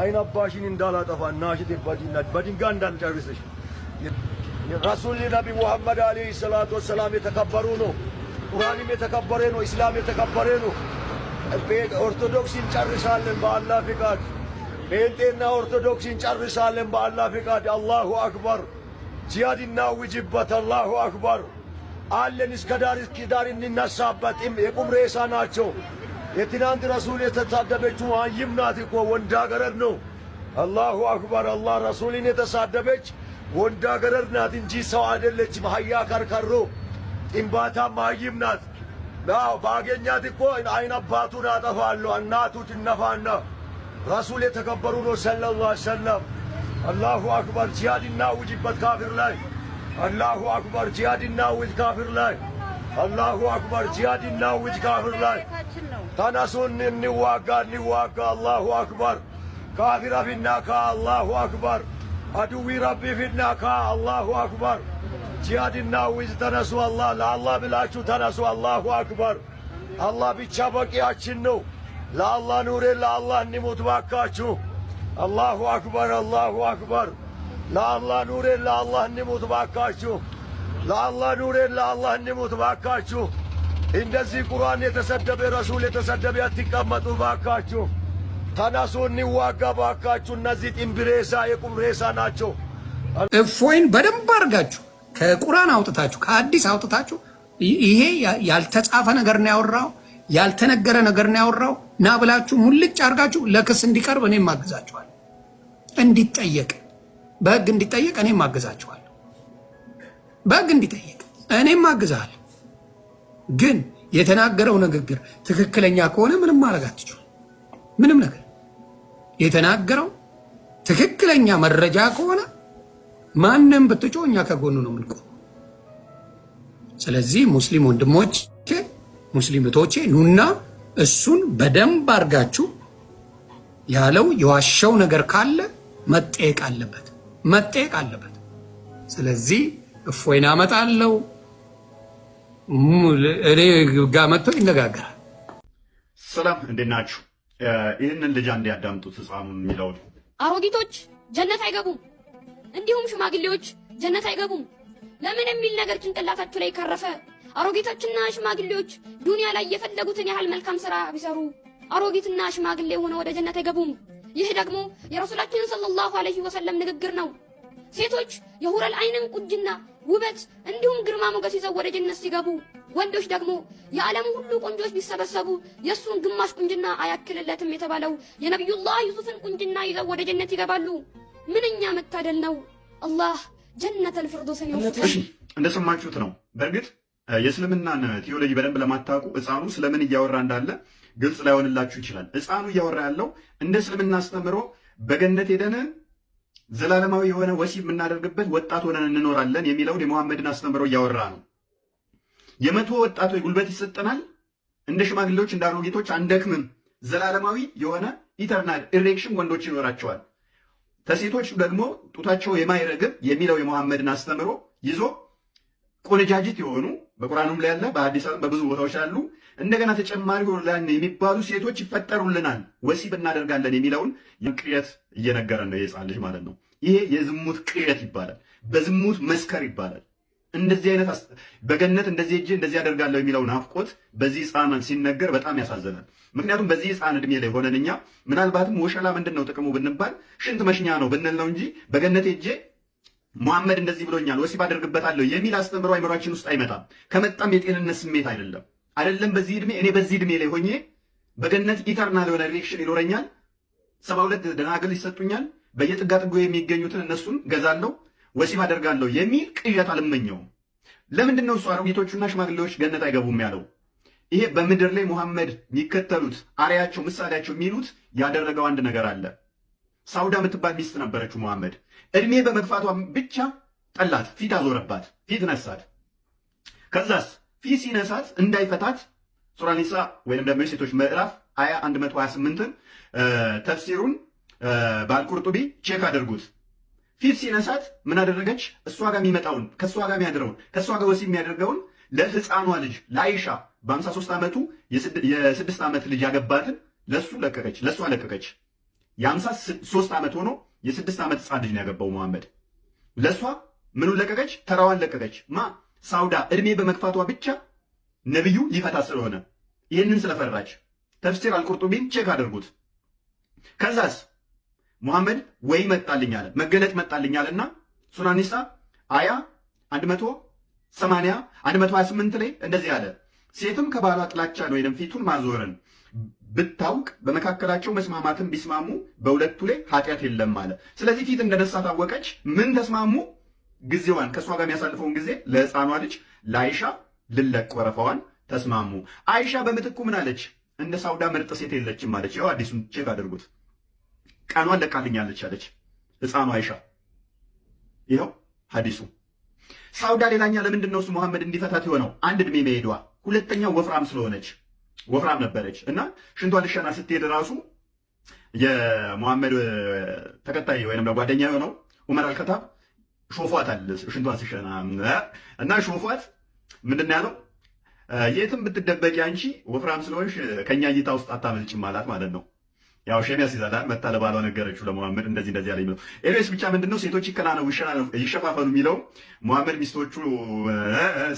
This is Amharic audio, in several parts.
አይን አባሽን እንዳላጠፋ ናሽት ይባጅላች በድንጋይ እንዳልጨርስሽ ረሱል ነቢ ሙሐመድ አለይሂ ሰላቱ ወሰላም የተከበሩ ነው። ቁርአንም የተከበረ ነው። እስላም የተከበረ ነው። ኦርቶዶክስ እንጨርሳለን በአላህ ፍቃድ። ጴንጤና ኦርቶዶክስ እንጨርሳለን በአላህ ፍቃድ። አላሁ አክበር። ጂሃድ እናውጅበት። አላሁ አክበር አለን እስከ ዳር እስከ ዳር እንነሳበትም የቁም ሬሳ ናቸው። የትናንት ረሱል የተሳደበችው አንይም ናት እኮ ወንዳገረድ ነው። አላሁ አክበር። አላህ ረሱልን የተሳደበች ወንዳገረድ ናት እንጂ ሰው አይደለችም። ሀያ ከርከሮ ጥንባታም ማይም ናት። ናው ባገኛት እኮ አይን አባቱን አጠፋለሁ። እናቱ ትነፋና ረሱል የተከበሩ ነው ሰለላሁ ዐለይሂ አላሁ አክበር። ጂሃድ እናውጅበት ካፊር ላይ። አላሁ አክበር። ጂሃድ እናውጅ ካፊር ላይ። አላሁ አክበር። ጂሃድ እናውጅ ካፊር ላይ Tanasunnin nivaka nivaka Allahu Akbar. Kafira finnaka Allahu Akbar. Aduvi Rabbi finnaka Allahu Akbar. Cihadinna viz tanasu Allah. La Allah bilaçu tanasu Allahu Akbar. Allah bir çabak açınnu. La Allah nure la Allah nimut vakkaçu. Allahu Akbar Allahu Akbar. La Allah nure la Allah nimut vakkaçu. La Allah nure la Allah nimut vakkaçu. እንደዚህ ቁርአን የተሰደበ ረሱል የተሰደበ አትቀመጡ ባካችሁ፣ ተነሱ እንዋጋ ባካችሁ። እነዚህ ጢምብሬሳ የቁምሬሳ ናቸው። እፎይን በደንብ አድርጋችሁ ከቁርአን አውጥታችሁ ከአዲስ አውጥታችሁ ይሄ ያልተጻፈ ነገር ነው ያወራው፣ ያልተነገረ ነገር ነው ያወራው ና ብላችሁ ሙልጭ አድርጋችሁ ለክስ እንዲቀርብ እኔም አግዛችኋል፣ እንዲጠየቅ በህግ እንዲጠየቅ እኔም አግዛችኋል፣ በህግ እንዲጠየቅ እኔም አግዛል። ግን የተናገረው ንግግር ትክክለኛ ከሆነ ምንም ማድረግ አትችሉ። ምንም ነገር የተናገረው ትክክለኛ መረጃ ከሆነ ማንም ብትጮ እኛ ከጎኑ ነው ምንቆ። ስለዚህ ሙስሊም ወንድሞቼ፣ ሙስሊም እህቶቼ ኑና እሱን በደንብ አድርጋችሁ ያለው የዋሸው ነገር ካለ መጠየቅ አለበት መጠየቅ አለበት። ስለዚህ እፎይን መጣለው? እኔ ጋር መጥቶ ይነጋገራል። ሰላም እንዴት ናችሁ? ይህንን ልጅ አንዴ ያዳምጡት። ህፃኑ የሚለው አሮጊቶች ጀነት አይገቡም፣ እንዲሁም ሽማግሌዎች ጀነት አይገቡም። ለምን የሚል ነገር ጭንቅላታችሁ ላይ ካረፈ አሮጊቶችና ሽማግሌዎች ዱንያ ላይ የፈለጉትን ያህል መልካም ስራ ቢሰሩ አሮጊትና ሽማግሌ ሆነ ወደ ጀነት አይገቡም። ይህ ደግሞ የረሱላችንን ሰለላሁ ዐለይሂ ወሰለም ንግግር ነው። ሴቶች የሁረል አይንን ቁጅና ውበት እንዲሁም ግርማ ሞገስ ይዘው ወደ ጀነት ሲገቡ፣ ወንዶች ደግሞ የዓለም ሁሉ ቆንጆች ቢሰበሰቡ የእሱን ግማሽ ቁንጅና አያክልለትም የተባለው የነቢዩላህ ዩሱፍን ቁንጅና ይዘው ወደ ጀነት ይገባሉ። ምንኛ መታደል ነው! አላህ ጀነተል ፊርዶስን ይወፍቀን። እንደሰማችሁት ነው። በእርግጥ የእስልምናን ቴዎሎጂ በደንብ ለማታውቁ ሕፃኑ ስለምን እያወራ እንዳለ ግልጽ ላይሆንላችሁ ይችላል። ሕፃኑ እያወራ ያለው እንደ እስልምና አስተምሮ በገነት ሄደን ዘላለማዊ የሆነ ወሲብ የምናደርግበት ወጣት ሆነን እንኖራለን የሚለውን የመሐመድን አስተምሮ እያወራ ነው። የመቶ ወጣቶች ጉልበት ይሰጠናል። እንደ ሽማግሌዎች እንደ አሮጌቶች አንደክምም። ዘላለማዊ የሆነ ኢተርናል ኢሬክሽን ወንዶች ይኖራቸዋል። ተሴቶች ደግሞ ጡታቸው የማይረግብ የሚለው የመሐመድን አስተምሮ ይዞ ቆነጃጅት የሆኑ በቁርአኑም ላይ ያለ በብዙ ቦታዎች አሉ እንደገና ተጨማሪ ሆላን የሚባሉ ሴቶች ይፈጠሩልናል፣ ወሲብ እናደርጋለን የሚለውን ቅየት እየነገረን ነው የሕፃን ልጅ ማለት ነው። ይሄ የዝሙት ቅየት ይባላል። በዝሙት መስከር ይባላል። እንደዚህ አይነት በገነት እንደዚህ እጅ እንደዚህ ያደርጋለሁ የሚለው ናፍቆት በዚህ ህፃን ሲነገር በጣም ያሳዘናል። ምክንያቱም በዚህ ህፃን እድሜ ላይ ሆነን እኛ ምናልባትም ወሸላ ምንድን ነው ጥቅሙ ብንባል ሽንት መሽኛ ነው ብንል ነው እንጂ በገነት እጄ መሐመድ እንደዚህ ብሎኛል፣ ወሲብ አደርግበታለሁ የሚል አስተምሮ አይምሯችን ውስጥ አይመጣም። ከመጣም የጤንነት ስሜት አይደለም። አይደለም በዚህ እድሜ እኔ በዚህ እድሜ ላይ ሆኜ በገነት ኢተርናል የሆነ ሪሌክሽን ይኖረኛል። ሰባ ሁለት ደናግል ይሰጡኛል። በየጥጋ ጥጎ የሚገኙትን እነሱን ገዛለሁ፣ ወሲብ አደርጋለሁ የሚል ቅዠት አልመኘውም። ለምንድን ነው እሱ አሮጌቶቹና ሽማግሌዎች ገነት አይገቡም ያለው? ይሄ በምድር ላይ ሙሐመድ የሚከተሉት አርያቸው፣ ምሳሌያቸው የሚሉት ያደረገው አንድ ነገር አለ። ሳውዳ የምትባል ሚስት ነበረችው ሙሐመድ። እድሜ በመግፋቷ ብቻ ጠላት፣ ፊት አዞረባት፣ ፊት ነሳት። ከዛስ ፊት ሲነሳት እንዳይፈታት ሱራ ኒሳ ወይም ደግሞ የሴቶች ምዕራፍ 2128 128ን ተፍሲሩን በአልቁርጡቢ ቼክ አድርጉት። ፊት ሲነሳት ምን አደረገች? እሷ ጋር የሚመጣውን ከእሷ ጋር የሚያድረውን ከእሷ ጋር ወሲብ የሚያደርገውን ለህፃኗ ልጅ ለአይሻ በ53 ዓመቱ የስድስት ዓመት ልጅ ያገባትን ለሱ ለቀቀች፣ ለእሷ ለቀቀች። የ53 ዓመት ሆኖ የስድስት ዓመት ህፃን ልጅ ነው ያገባው መሐመድ። ለእሷ ምኑን ለቀቀች? ተራዋን ለቀቀች ማ ሳውዳ እድሜ በመግፋቷ ብቻ ነቢዩ ሊፈታ ስለሆነ ይህንን ስለፈራች ተፍሲር አልቁርጡቢን ቼክ አድርጉት። ከዛስ ሙሐመድ ወይ መጣልኝ አለ መገለጥ መጣልኝ አለና ሱናኒሳ አያ 180 128 ላይ እንደዚህ አለ። ሴትም ከባሏ ጥላቻ ነው ወይም ፊቱን ማዞርን ብታውቅ በመካከላቸው መስማማትን ቢስማሙ በሁለቱ ላይ ኃጢአት የለም አለ። ስለዚህ ፊት እንደነሳ ታወቀች። ምን ተስማሙ? ጊዜዋን ከእሷ ጋር የሚያሳልፈውን ጊዜ ለህፃኗ ልጅ ለአይሻ ልለቅ ወረፋዋን ተስማሙ። አይሻ በምትኩ ምን አለች? እንደ ሳውዳ ምርጥ ሴት የለችም አለች። ያው አዲሱን ቼክ አድርጉት። ቀኗን ለቃልኛለች አለች ሕፃኗ አይሻ። ይኸው ሀዲሱ ሳውዳ ሌላኛ ለምንድን ነው እሱ መሐመድ እንዲፈታት የሆነው? አንድ እድሜ መሄዷ፣ ሁለተኛ ወፍራም ስለሆነች ወፍራም ነበረች እና ሽንቷ ልሸና ስትሄድ ራሱ የመሐመድ ተከታይ ወይም ጓደኛ የሆነው ዑመር አልከታብ ሾፏት አለ ሽንቷ ሲሸና እና ሾፏት ምንድን ያለው የትም ብትደበቂ አንቺ ወፍራም ስለሆንሽ ከኛ እይታ ውስጥ አታመልጭም አላት ማለት ነው። ያው ሸሚያስ ይዛላል መታ ለባሏ ነገረችው ለሙሐመድ እንደዚህ እንደዚህ አለ የሚለው ኤሬስ ብቻ ምንድን ነው ሴቶች ይከናነው ይሸፋፈኑ የሚለው ሙሐመድ ሚስቶቹ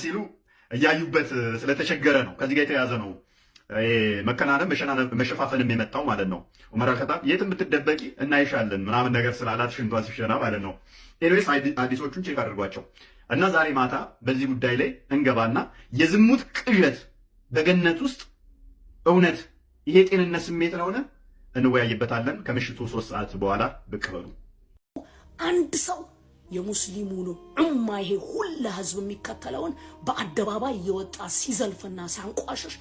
ሲሉ እያዩበት ስለተቸገረ ነው። ከዚህ ጋር የተያዘ ነው። መከናነብ መሸፋፈንም የመጣው ማለት ነው። ዑመር አልከጣብ የትም ብትደበቂ እናይሻለን ምናምን ነገር ስላላት ሽንቷ ሲሸና ማለት ነው። ኤልዌስ አዲሶቹን ቼክ አድርጓቸው እና ዛሬ ማታ በዚህ ጉዳይ ላይ እንገባና የዝሙት ቅዠት በገነት ውስጥ እውነት ይሄ ጤንነት ስሜት ለሆነ እንወያይበታለን። ከምሽቱ ሶስት ሰዓት በኋላ ብቅ በሉ። አንድ ሰው የሙስሊሙን እማ ይሄ ሁላ ህዝብ የሚከተለውን በአደባባይ እየወጣ ሲዘልፍና ሲያንቋሸሽ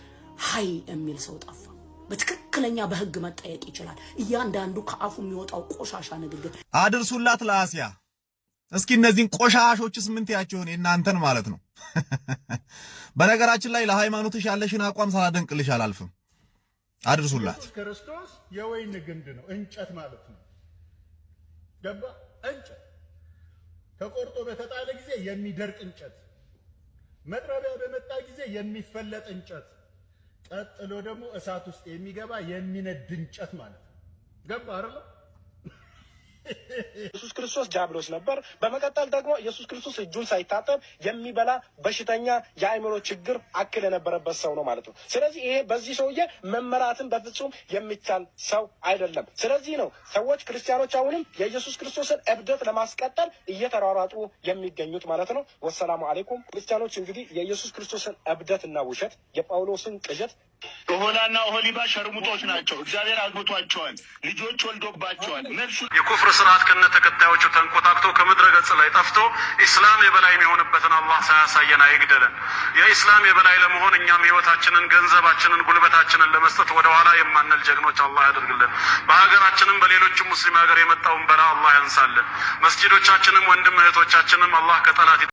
ሀይ የሚል ሰው ጠፋ። በትክክለኛ በህግ መጠየቅ ይችላል። እያንዳንዱ ከአፉ የሚወጣው ቆሻሻ ንግግር አድርሱላት ለአሲያ እስኪ እነዚህን ቆሻሾችስ ምን ትያቸውን? የእናንተን ማለት ነው። በነገራችን ላይ ለሃይማኖትሽ ያለሽን አቋም ሳላደንቅልሽ አላልፍም። አድርሱላት። ክርስቶስ የወይን ግንድ ነው፣ እንጨት ማለት ነው። ገባ እንጨት ተቆርጦ በተጣለ ጊዜ የሚደርቅ እንጨት፣ መጥረቢያ በመጣ ጊዜ የሚፈለጥ እንጨት ቀጥሎ ደግሞ እሳት ውስጥ የሚገባ የሚነድ እንጨት ማለት ነው። ገባ አይደለም? ኢየሱስ ክርስቶስ ዲያብሎስ ነበር። በመቀጠል ደግሞ ኢየሱስ ክርስቶስ እጁን ሳይታጠብ የሚበላ በሽተኛ የአእምሮ ችግር አክል የነበረበት ሰው ነው ማለት ነው። ስለዚህ ይሄ በዚህ ሰውዬ መመራትን በፍጹም የሚቻል ሰው አይደለም። ስለዚህ ነው ሰዎች ክርስቲያኖች አሁንም የኢየሱስ ክርስቶስን እብደት ለማስቀጠል እየተሯሯጡ የሚገኙት ማለት ነው። ወሰላሙ አሌይኩም ክርስቲያኖች። እንግዲህ የኢየሱስ ክርስቶስን እብደትና ውሸት የጳውሎስን ቅዠት ኦሆላና ኦሆሊባ ሸርሙጦች ናቸው። እግዚአብሔር አግብቷቸዋል፣ ልጆች ወልዶባቸዋል። መልሱ የኩፍር ስርዓት ከነ ተከታዮቹ ተንኮታክቶ ከምድረ ገጽ ላይ ጠፍቶ ኢስላም የበላይ የሚሆንበትን አላህ ሳያሳየን አይግደለን። የኢስላም የበላይ ለመሆን እኛም ህይወታችንን፣ ገንዘባችንን፣ ጉልበታችንን ለመስጠት ወደኋላ የማንል ጀግኖች አላህ ያደርግልን። በሀገራችንም በሌሎችም ሙስሊም ሀገር የመጣውን በላ አላህ ያንሳልን። መስጂዶቻችንም ወንድም እህቶቻችንም አላህ ከጠላት